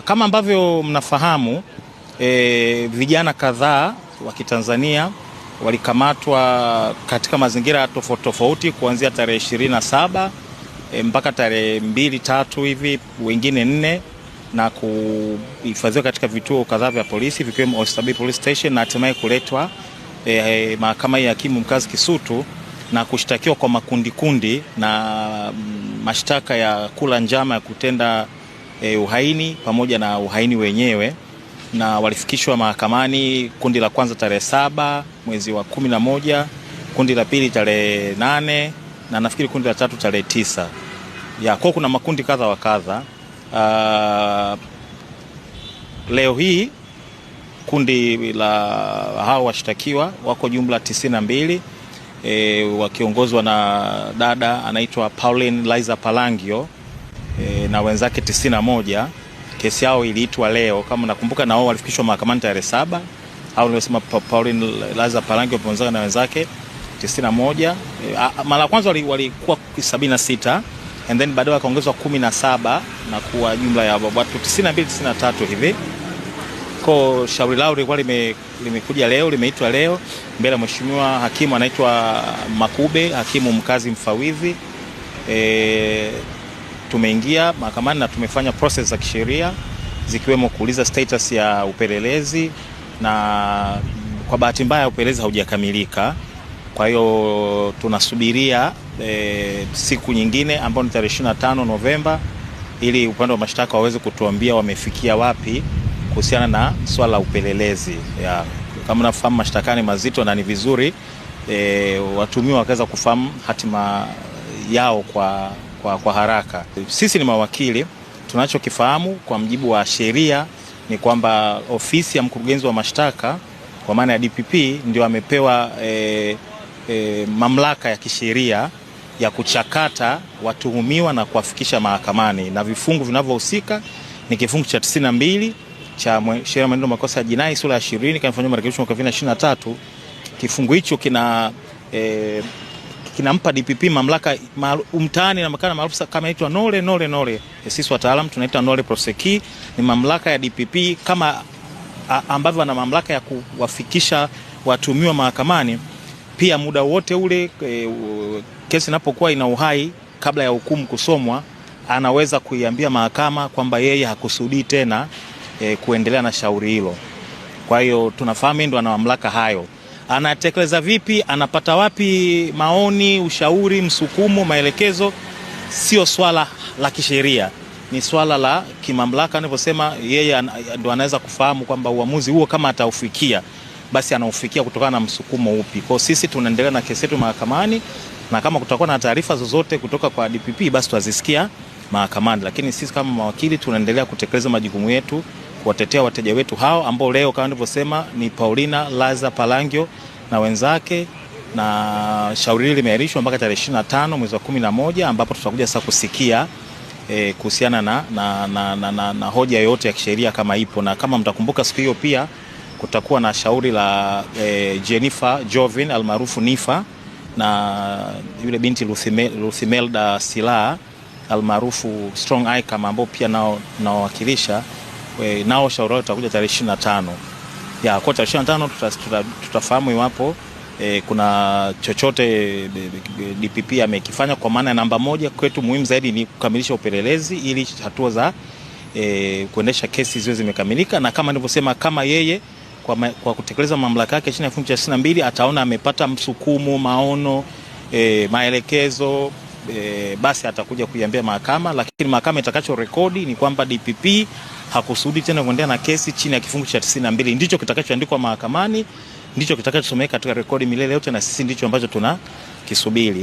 Sawa, kama ambavyo mnafahamu e, vijana kadhaa wa Kitanzania walikamatwa katika mazingira tofauti tofauti kuanzia tarehe 27 e, mpaka tarehe mbili tatu hivi, wengine nne, na kuhifadhiwa katika vituo kadhaa vya polisi vikiwemo Oyster Bay Police Station na hatimaye kuletwa e, mahakama ya hakimu mkazi Kisutu na kushtakiwa kwa makundi kundi na mm, mashtaka ya kula njama ya kutenda e, uhaini pamoja na uhaini wenyewe na walifikishwa mahakamani, kundi la kwanza tarehe saba mwezi wa kumi na moja, kundi la pili tarehe nane na nafikiri kundi la tatu tarehe tisa. Ya, kwao kuna makundi kadha wa kadha. Uh, leo hii kundi la hao washtakiwa wako jumla tisini na mbili e, wakiongozwa na dada anaitwa Pauline Liza Palangio e, na wenzake tisini moja. Kesi yao iliitwa leo kama nakumbuka, na wao walifikishwa mahakamani tarehe saba au nimesema Pauline Laza Parangi wapenzana na wenzake tisini moja. E, mara kwanza walikuwa wali sabini na sita and then baadaye wakaongezwa kumi na saba na kuwa jumla ya watu tisini na mbili tisini tatu hivi ko shauri lao lilikuwa limekuja leo limeitwa leo mbele ya mheshimiwa hakimu anaitwa Makube, hakimu mkazi mfawidhi e, tumeingia mahakamani na tumefanya process za kisheria zikiwemo kuuliza status ya upelelezi, na kwa bahati mbaya upelelezi haujakamilika. Kwa hiyo tunasubiria e, siku nyingine ambayo ni tarehe 25 Novemba ili upande wa mashtaka waweze kutuambia wamefikia wapi kuhusiana na swala la upelelezi ya, kama nafahamu mashtaka ni mazito na ni vizuri e, watumiwa wakaweza kufahamu hatima yao kwa kwa, kwa haraka. Sisi ni mawakili, tunachokifahamu kwa mjibu wa sheria ni kwamba ofisi ya mkurugenzi wa mashtaka kwa maana ya DPP ndio amepewa e, e, mamlaka ya kisheria ya kuchakata watuhumiwa na kuwafikisha mahakamani, na vifungu vinavyohusika ni kifungu cha 92 cha sheria ya mwenendo makosa ya jinai sura ya 20 kanifanywa marekebisho mwaka 2023. Kifungu hicho kina e, kinampa DPP mamlaka mtaani na makana maarufu kama inaitwa nole nole nole, eh, sisi wataalamu tunaita nole proseki. Ni mamlaka ya DPP kama ambavyo ana mamlaka ya kuwafikisha watumiwa mahakamani pia muda wote ule e, kesi inapokuwa ina uhai kabla ya hukumu kusomwa, anaweza kuiambia mahakama kwamba yeye hakusudii tena e, kuendelea na shauri hilo. Kwa hiyo tunafahamu ndo ana mamlaka hayo anatekeleza vipi, anapata wapi maoni, ushauri, msukumo, maelekezo. Sio swala la kisheria, ni swala la kimamlaka. Anavyosema yeye ndo anaweza kufahamu kwamba uamuzi huo kama ataufikia basi anaufikia kutokana na msukumo upi. Kwa sisi tunaendelea na kesi yetu mahakamani, na kama kutakuwa na taarifa zozote kutoka kwa DPP basi tuazisikia mahakamani, lakini sisi kama mawakili tunaendelea kutekeleza majukumu yetu kuwatetea wateja wetu hao ambao leo kama nilivyosema ni Paulina Laza Palangio na wenzake, na shauri hili limeahirishwa mpaka tarehe 25 mwezi wa 11 ambapo tutakuja sasa kusikia e, kuhusiana na, na, na, na, na, na hoja yoyote ya kisheria kama ipo, na kama mtakumbuka siku hiyo pia kutakuwa na shauri la e, Jennifer Jovin almaarufu Nifa na yule binti Luthimelda Silaa almaarufu Strong Eye kama ambao pia nao nawawakilisha we, nao shauri wao utakuja tarehe ishirini na tano ya kwa tarehe ishirini na tano tuta, tuta, tutafahamu iwapo e, kuna chochote e, DPP amekifanya. Kwa maana ya namba moja kwetu muhimu zaidi ni kukamilisha upelelezi ili hatua za e, kuendesha kesi ziwe zimekamilika, na kama nilivyosema, kama yeye kwa, ma, kwa kutekeleza mamlaka yake chini ya kifungu cha sitini na mbili ataona amepata msukumo, maono e, maelekezo e, basi atakuja kuiambia mahakama, lakini mahakama itakacho rekodi ni kwamba DPP hakusudi tena kuendelea na kesi chini ya kifungu cha 92. Ndicho kitakachoandikwa mahakamani, ndicho kitakachosomeka katika rekodi milele yote, na sisi ndicho ambacho tunakisubiri.